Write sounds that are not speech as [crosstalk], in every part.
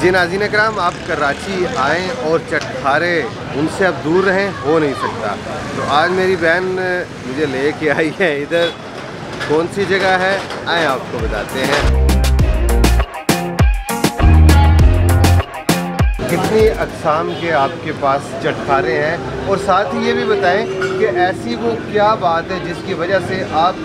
जी नाजीन कराम आप कराची आएँ और चटखारे उनसे आप दूर रहें हो नहीं सकता तो आज मेरी बहन मुझे ले के आई है इधर कौन सी जगह है आए आपको बताते हैं कितनी अकसाम के आपके पास चटखारे हैं और साथ ही ये भी बताएं कि ऐसी वो क्या बात है जिसकी वजह से आप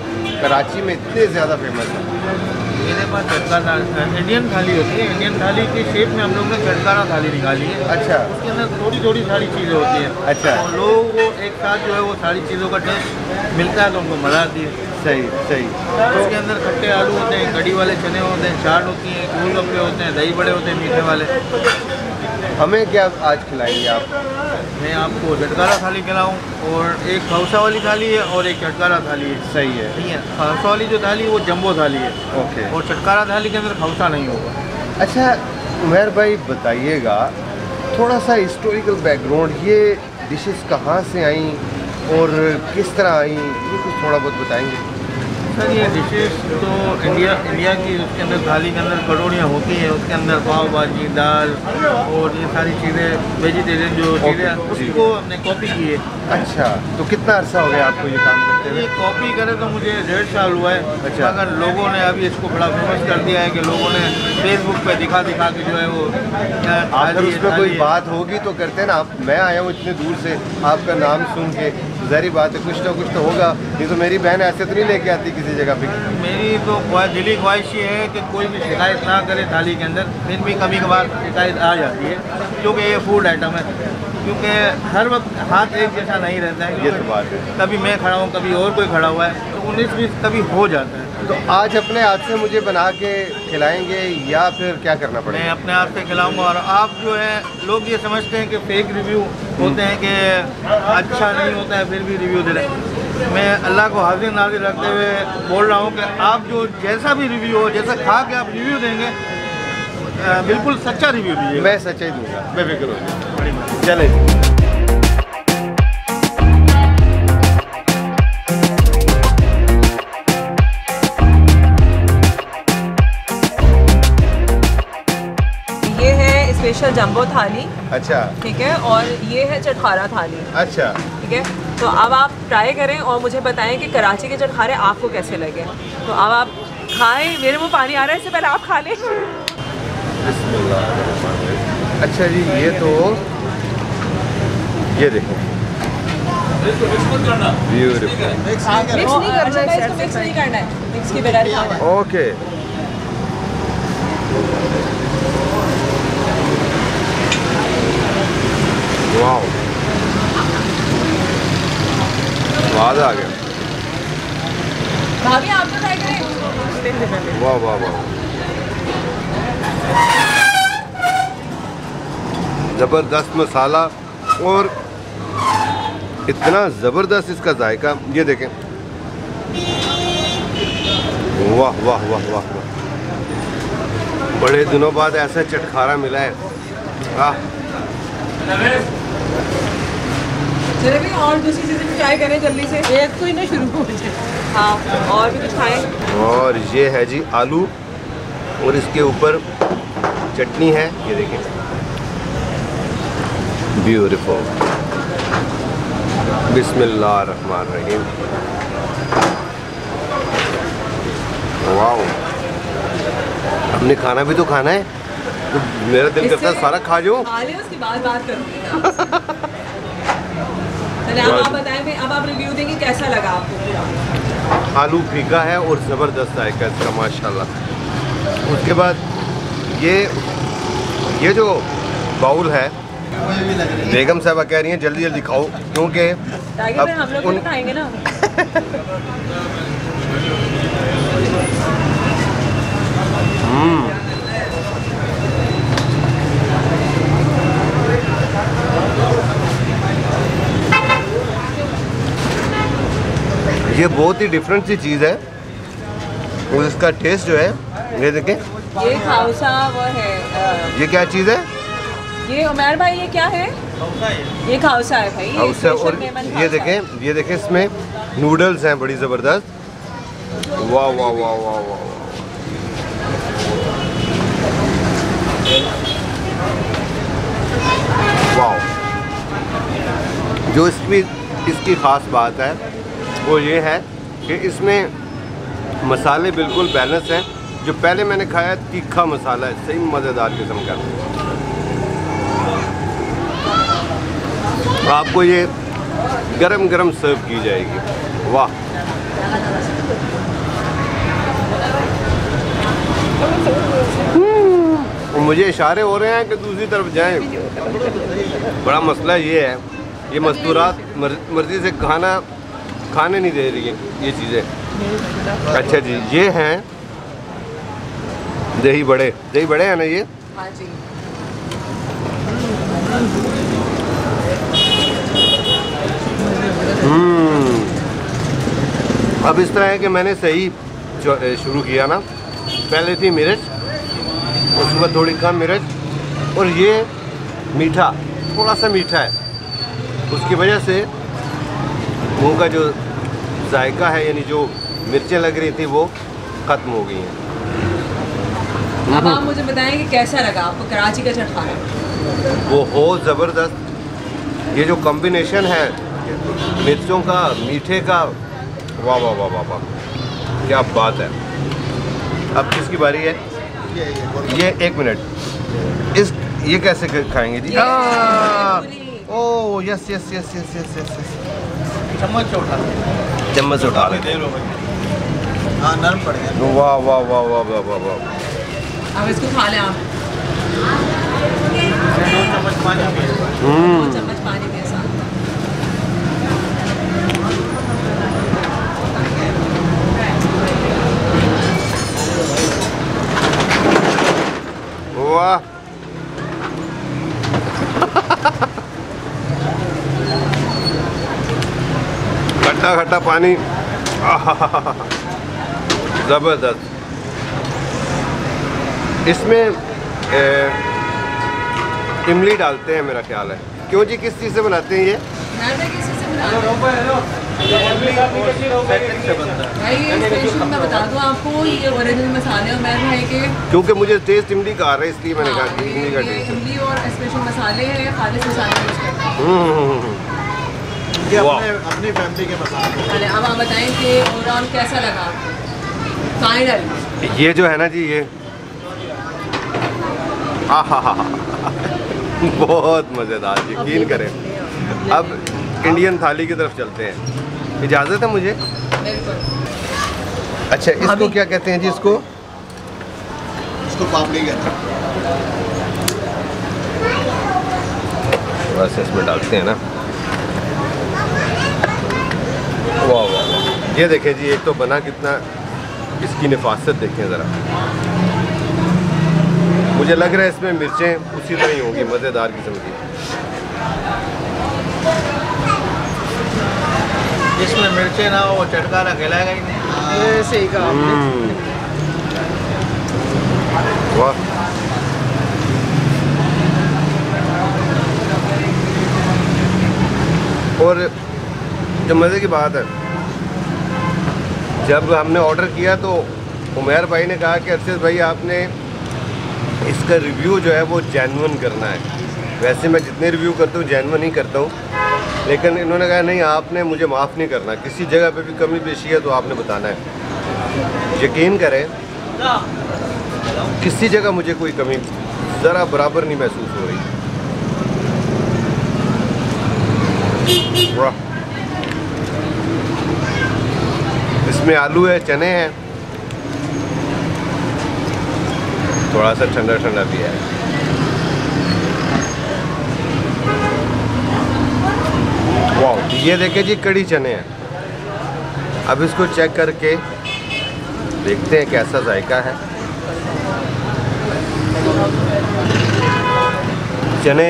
कराची में इतने ज़्यादा फेमस हैं मेरे पास चटकारा इंडियन थाली होती है इंडियन थाली की शेप में हम लोग ने चटकारा थाली निकाली है अच्छा उसके अंदर थोड़ी थोड़ी सारी चीज़ें होती हैं अच्छा और लोग वो एक साथ जो है वो सारी चीज़ों का टेस्ट मिलता है तो उनको मजा आती है सही सही तो उसके अंदर खट्टे आलू होते हैं कड़ी वाले चने होते हैं चाट होती हैं गोल होते हैं दही बड़े होते हैं मीठे वाले हमें क्या आज खिलाएंगे आप मैं आपको झटकारा थाली खिलाऊँ और एक खौसा वाली थाली है और एक चटकारा थाली है सही है ठीक है खौसा वाली जो थाली है वो जम्बो थाली है ओके और चटकारा थाली के अंदर खौसा नहीं होगा अच्छा उमेर भाई बताइएगा थोड़ा सा हिस्टोरिकल बैकग्राउंड ये डिशेस कहाँ से आई और किस तरह आई ये कुछ थोड़ा बहुत बताएंगे सर ये डिशेज तो इंडिया इंडिया की उसके अंदर थाली के अंदर कटोरियाँ होती हैं उसके अंदर पाव भाजी दाल और ये सारी चीज़ें वेजिटेरियन जो चीज़ें उसको हमने कॉपी की है अच्छा तो कितना अर्सा हो गया आपको ये काम करते हुए कॉपी करे तो मुझे डेढ़ साल हुआ है अच्छा अगर लोगों ने अभी इसको बड़ा फेमस कर दिया है कि लोगों ने फेसबुक पर दिखा दिखा के जो है वो अगर कोई बात होगी तो करते ना आप मैं आया हूँ इतने दूर से आपका नाम सुन के जहरी बात है कुछ ना कुछ तो होगा ये तो मेरी बहन ऐसे तो नहीं लेके आती किसी जगह पे मेरी तो दिली ख्वाहिश ये है कि कोई भी शिकायत ना करे थाली के अंदर फिर भी कभी कभार शिकायत आ जाती है क्योंकि ये फूड आइटम है क्योंकि हर वक्त हाथ एक जैसा नहीं रहता है ये तो बात है कभी मैं खड़ा हूँ कभी और कोई खड़ा हुआ है तो उन्नीस बीस कभी हो जाता है तो आज अपने हाथ से मुझे बना के खिलाएंगे या फिर क्या करना पड़ेगा मैं अपने हाथ से खिलाऊंगा और आप जो है लोग ये समझते हैं कि फेक रिव्यू होते हैं कि अच्छा नहीं होता है फिर भी रिव्यू दे रहे हैं मैं अल्लाह को हाजिर नाजिर रखते हुए बोल रहा हूँ कि आप जो जैसा भी रिव्यू हो जैसा खा के आप रिव्यू देंगे बिल्कुल सच्चा रिव्यू दीजिए मैं सच्चा ही दूंगा बेफिक्र हो जाए चले है जम्बो थाली अच्छा ठीक है और ये है चटखारा थाली अच्छा ठीक है तो अब आप ट्राई करें और मुझे बताएं कि कराची के चटखारे आपको कैसे लगे तो अब आप खाएं मेरे मुंह पानी आ रहा है इससे पहले आप खा लें अच्छा जी ये तो ये देखो मिक्स नहीं करना है ओके वाह स्वाद आ गया भाभी आप तो वाह वाह वाह ज़बरदस्त मसाला और इतना ज़बरदस्त इसका जायका ये देखें वाह वाह वाह वाह वाह बड़े दिनों बाद ऐसा चटखारा मिला है आह भी और दूसरी चीज़ें ट्राई करें जल्दी से एक तो शुरू हो जाए हाँ और भी कुछ खाएँ और ये है जी आलू और इसके ऊपर चटनी है ये देखिए ब्यूटीफुल बिस्मिल्लाह रहमान रहीम वाओ हमने खाना भी तो खाना है तो मेरा दिल करता है सारा खा जो उसके बाद बात करूँगी [laughs] आलू फीका है और ज़बरदस्त आएगा इसका माशा उसके बाद ये ये जो बाउल है बेगम साहबा कह रही हैं जल्दी जल्दी खाओ क्योंकि अब हम लोग उन... खाएंगे ना हम्म ये बहुत ही डिफरेंट सी चीज़ है और इसका टेस्ट जो है ये देखें ये खाउसा वो है आ, ये क्या चीज़ है ये उमेर भाई ये क्या है ये खाउसा है भाई खाउसा और ये देखें ये देखें इसमें नूडल्स हैं बड़ी ज़बरदस्त वाह वाह वाह वाह वाह वाह जो इसकी इसकी ख़ास बात है वो ये है कि इसमें मसाले बिल्कुल बैलेंस हैं जो पहले मैंने खाया तीखा मसाला है सही मज़ेदार किस्म का तो आपको ये गरम गरम सर्व की जाएगी वाह हम्म। मुझे इशारे हो रहे हैं कि दूसरी तरफ जाएं बड़ा मसला ये है ये मस्तूरात मर्ज़ी से खाना खाने नहीं दे रही है ये चीज़ें अच्छा जी ये हैं दही बड़े दही बड़े हैं ना ये हाँ हम्म। अब इस तरह है कि मैंने सही शुरू किया ना पहले थी मिर्च उसके बाद थोड़ी कम मिर्च और ये मीठा थोड़ा सा मीठा है उसकी वजह से मूँग का जो जायका है यानी जो मिर्चें लग रही थी वो ख़त्म हो गई हैं आप मुझे बताएं कि कैसा लगा आपको कराची का चटखाना वो हो ज़बरदस्त ये जो कॉम्बिनेशन है मिर्चों का मीठे का वाह वाह वाह वाह वाह क्या बात है अब किसकी बारी है ये एक मिनट इस ये कैसे खाएंगे जी आ, हाँ। Oh yes yes yes yes yes yes, yes, yes. चम्मच से उठा चम्मच लेते हाँ, वाह वाह वाह वाह वाह वाह वाह अब इसको खा लें आप हम्म। वाह खट्टा खट्टा पानी ज़बरदस्त इसमें ए, इमली डालते हैं मेरा ख्याल है क्यों जी किस चीज़ से बनाते हैं ये क्योंकि मुझे टेस्ट इमली का आ रहा है इसलिए मैंने कहा हाँ, इमली का टेस्ट इमली और स्पेशल मसाले हैं खालिश मसाले हम्म, हम्म, हम्म, ये अपने अपनी फैमिली के मसाले अब आप बताएं कि ओवरऑल कैसा लगा फाइनल ये जो है ना जी ये बहुत मज़ेदार यकीन करें अब इंडियन थाली की तरफ चलते हैं इजाज़त है मुझे अच्छा इसको क्या कहते हैं जी इसको इसको पापड़ी कहते हैं बस इसमें डालते हैं ना ये देखें जी एक तो बना कितना इसकी नफासत देखें ज़रा मुझे लग रहा है इसमें मिर्चें उसी तरह ही होंगी मज़ेदार किस्म की जिसमें मिर्चें ना वो चटकारा हाँ। हम्म। और जो मज़े की बात है जब हमने ऑर्डर किया तो उमेर भाई ने कहा कि अरशद भाई आपने इसका रिव्यू जो है वो जैनवन करना है वैसे मैं जितने रिव्यू करता हूँ जैनवन ही करता हूँ लेकिन इन्होंने कहा नहीं आपने मुझे माफ़ नहीं करना किसी जगह पे भी कमी पेशी है तो आपने बताना है यकीन करें किसी जगह मुझे कोई कमी ज़रा बराबर नहीं महसूस हो रही वाह इसमें आलू है चने हैं थोड़ा सा ठंडा ठंडा भी है ये देखे जी कड़ी चने हैं अब इसको चेक करके देखते हैं कैसा जायका है चने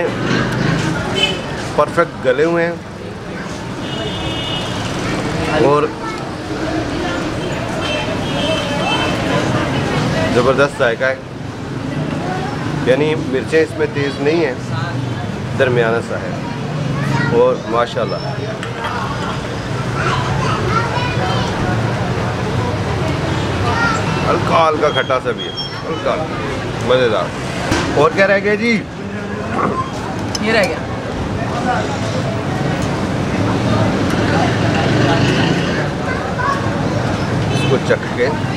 परफेक्ट गले हुए हैं और ज़बरदस्त जायका है यानी मिर्चें इसमें तेज़ नहीं है दरमियाना सा है और माशाल्लाह हल्का हल्का खट्टा सा भी है हल्का मज़ेदार और क्या रह गया जी ये रह गया इसको चख के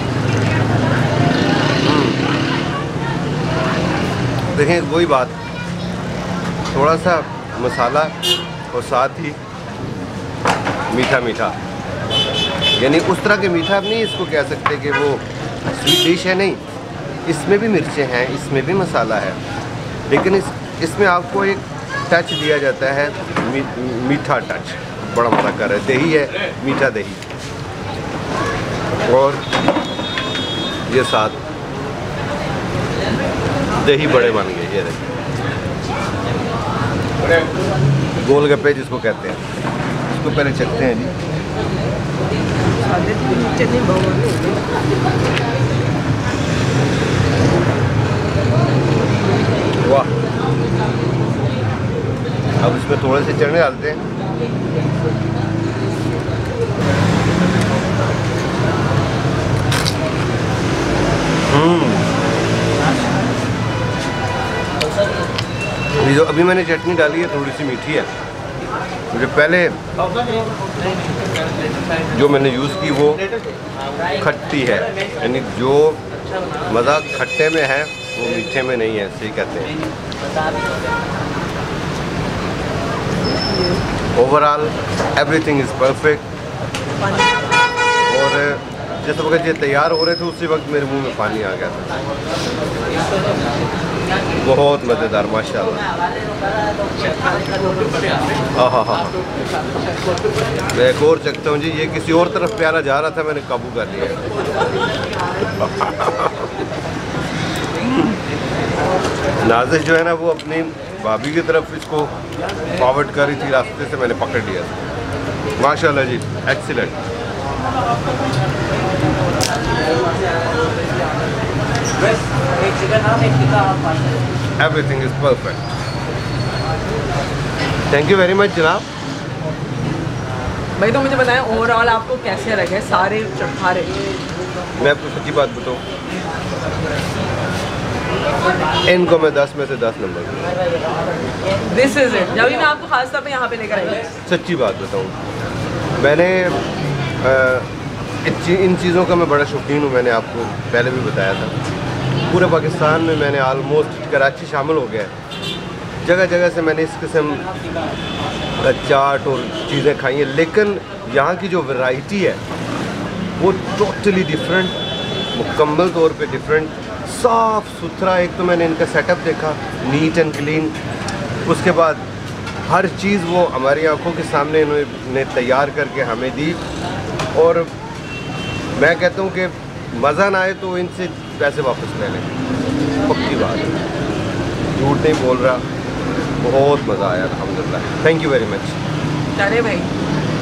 देखें वही बात थोड़ा सा मसाला और साथ ही मीठा मीठा यानी उस तरह के मीठा नहीं इसको कह सकते कि वो स्वीट डिश है नहीं इसमें भी मिर्चें हैं इसमें भी मसाला है लेकिन इस इसमें आपको एक टच दिया जाता है मी, मीठा टच बड़ा मजा कर है दही है मीठा दही और ये साथ ही बड़े बन गए ये देखिए गोल गप्पे जिसको कहते हैं इसको पहले चखते हैं जी वाह अब इसमें थोड़े से चने डालते हैं हम्म जो अभी मैंने चटनी डाली है थोड़ी सी मीठी है मुझे पहले जो मैंने यूज़ की वो खट्टी है यानी जो मज़ा खट्टे में है वो मीठे में नहीं है सही कहते हैं ओवरऑल एवरीथिंग इज़ परफेक्ट और जिस वक्त ये तैयार हो रहे थे उसी वक्त मेरे मुंह में पानी आ गया था बहुत मज़ेदार माशा हाँ हाँ हाँ मैं एक और चखता हूँ जी ये किसी और तरफ प्यारा जा रहा था मैंने काबू कर लिया नाजिश जो है ना वो अपनी भाभी की तरफ इसको पावट कर रही थी रास्ते से मैंने पकड़ लिया माशाल्लाह जी excellent everything is perfect thank you very much जनाब भाई तो मुझे बताएं ओवरऑल आपको कैसे लगे सारे चटखारे मैं आपको सच्ची बात बताऊं इनको मैं दस में से दस नंबर दिस इज इट जब मैं आपको खास तौर पे यहाँ पे लेकर आई सच्ची बात बताऊं मैंने आ, इन चीज़ों का मैं बड़ा शौकीन हूँ मैंने आपको पहले भी बताया था पूरे पाकिस्तान में मैंने आलमोस्ट कराची शामिल हो गया है जगह जगह से मैंने इस किस्म का चाट और चीज़ें खाई हैं लेकिन यहाँ की जो वैरायटी है वो टोटली डिफरेंट मुकम्मल तौर पे डिफरेंट साफ़ सुथरा एक तो मैंने इनका सेटअप देखा नीट एंड क्लीन उसके बाद हर चीज़ वो हमारी आंखों के सामने इन्होंने तैयार करके हमें दी और मैं कहता हूँ कि मज़ा ना आए तो इनसे पैसे वापस ले लें पक्की बात है झूठ नहीं बोल रहा बहुत मज़ा आया अलहमदिल्ला थैंक यू वेरी मच अरे भाई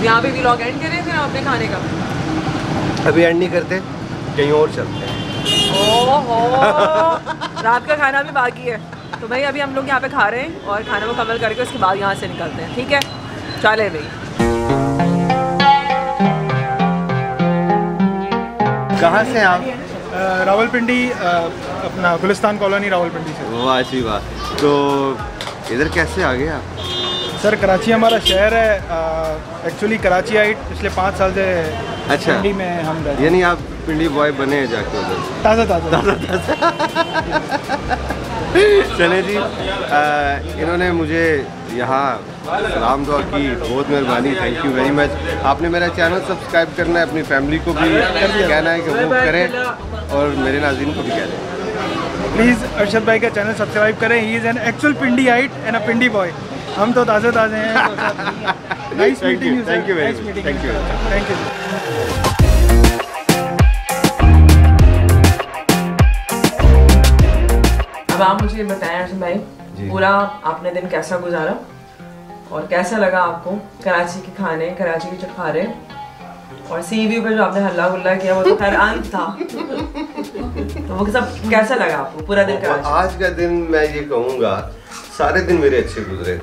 यहाँ पे भी लॉग एंड करें फिर आपने खाने का अभी एंड नहीं करते कहीं और चलते हैं रात का खाना भी बाकी है तो भाई अभी हम लोग यहाँ पे खा रहे हैं और खाना मुकम्मल करके उसके बाद यहाँ से निकलते हैं ठीक है चले भाई कहाँ से आप रावलपिंडी अपना गुलिस्तान कॉलोनी रावलपिंडी से वाह अच्छी बात तो इधर कैसे आ गए आप सर कराची हमारा शहर है एक्चुअली कराची आई पिछले पाँच साल से अच्छा पिंडी में हम यानी आप पिंडी बॉय बने जाके उधर ताज़ा ताज़ा ताज़ा ताज़ा चले जी आ, इन्होंने मुझे यहाँ सलाम दुआ की बहुत मेहरबानी थैंक यू वेरी मच आपने मेरा चैनल सब्सक्राइब करना है अपनी फैमिली को भी कहना है कि वो करें और मेरे नाजीन को भी कह दें प्लीज़ अरशद भाई का चैनल सब्सक्राइब करें he is an actual Pindi height and a Pindi boy हम तो ताज़े ताज़े हैं thank you thank you thank you आप मुझे बताएं अर्जुन भाई पूरा आपने दिन कैसा गुजारा और कैसा लगा आपको कराची के खाने कराची के चटखारे और सी वी पर जो आपने हल्ला गुल्ला किया वो तो खैर अंत था तो वो सब कैसा लगा आपको पूरा दिन कराची आज का दिन मैं ये कहूँगा सारे दिन मेरे अच्छे गुजरे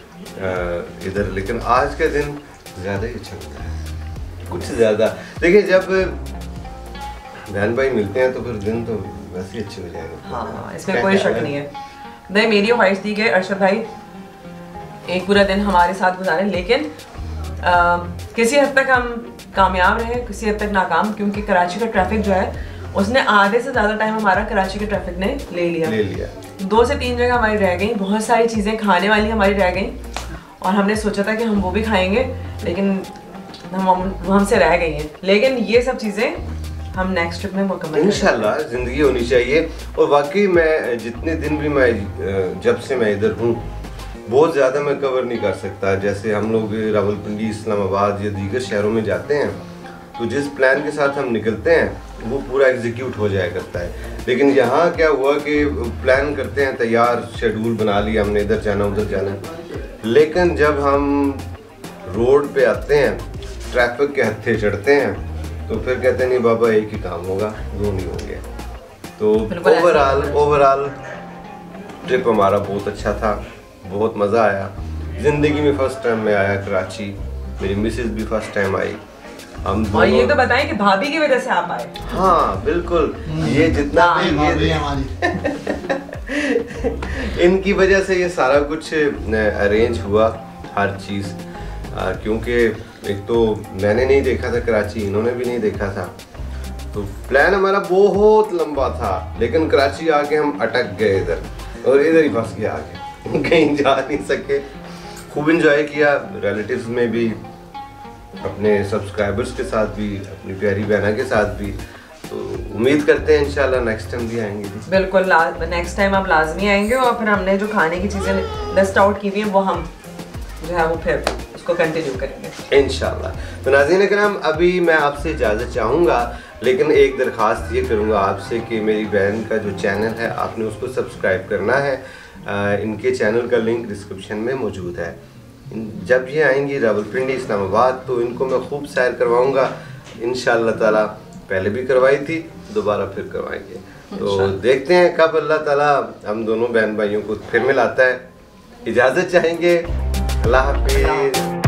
इधर लेकिन आज का दिन ज़्यादा ही अच्छा गुजरा कुछ ज़्यादा देखिए जब बहन भाई मिलते हैं तो फिर दिन तो वैसे ही अच्छे हो हाँ, हाँ इसमें कोई शक नहीं है नहीं मेरी ख्वाहिश थी कि अर्शद भाई एक पूरा दिन हमारे साथ गुजारे लेकिन आ, किसी हद तक हम कामयाब रहे किसी हद तक नाकाम क्योंकि कराची का ट्रैफिक जो है उसने आधे से ज़्यादा टाइम हमारा कराची के ट्रैफिक ने ले लिया ले लिया दो से तीन जगह हमारी रह गई बहुत सारी चीज़ें खाने वाली हमारी रह गई और हमने सोचा था कि हम वो भी खाएंगे लेकिन हम हमसे रह गई हैं लेकिन ये सब चीज़ें हम नेक्स्ट ट्रिप में मुकम्मल इनशाला ज़िंदगी होनी चाहिए और वाकई मैं जितने दिन भी मैं जब से मैं इधर हूँ बहुत ज़्यादा मैं कवर नहीं कर सकता जैसे हम लोग रावलपिंडी इस्लामाबाद या दीगर शहरों में जाते हैं तो जिस प्लान के साथ हम निकलते हैं वो पूरा एग्जीक्यूट हो जाया करता है लेकिन यहाँ क्या हुआ कि प्लान करते हैं तैयार शेड्यूल बना लिया हमने इधर जाना उधर जाना लेकिन जब हम रोड पे आते हैं ट्रैफिक के हत्थे चढ़ते हैं तो फिर कहते नहीं बाबा एक ही काम होगा वो नहीं होंगे तो ओवरऑल ओवरऑल ट्रिप हमारा बहुत अच्छा था बहुत मज़ा आया ज़िंदगी में फ़र्स्ट टाइम मैं आया कराची मेरी मिसेज भी फर्स्ट टाइम आई हम और ये तो बताएं कि भाभी की वजह से आप आए हाँ बिल्कुल ये जितना भी ये [laughs] इनकी वजह से ये सारा कुछ अरेंज हुआ हर चीज़ क्योंकि एक तो मैंने नहीं देखा था कराची इन्होंने भी नहीं देखा था तो प्लान हमारा बहुत लंबा था लेकिन कराची आके हम अटक गए इधर और इधर ही फंस गया आगे [laughs] कहीं जा नहीं सके खूब इंजॉय किया रिलेटिव्स में भी अपने सब्सक्राइबर्स के साथ भी अपनी प्यारी बहना के साथ भी तो उम्मीद करते हैं इंशाल्लाह नेक्स्ट टाइम भी आएंगे बिल्कुल नेक्स्ट टाइम आप लाजमी आएंगे और फिर हमने जो खाने की चीज़ें लिस्ट आउट की हुई हैं वो हम जो है वो फिर को कंटिन्यू करेंगे इन तो नाजीन कराम अभी मैं आपसे इजाज़त चाहूँगा लेकिन एक दरख्वास्त ये करूँगा आपसे कि मेरी बहन का जो चैनल है आपने उसको सब्सक्राइब करना है आ, इनके चैनल का लिंक डिस्क्रिप्शन में मौजूद है जब ये आएंगी रावलपिंडी इस्लामाबाद तो इनको मैं खूब सैर करवाऊँगा इन ताला पहले भी करवाई थी दोबारा फिर करवाएंगे तो देखते हैं कब अल्लाह ताला हम दोनों बहन भाइयों को फिर मिलाता है इजाज़त चाहेंगे अल्लाह हाफिज़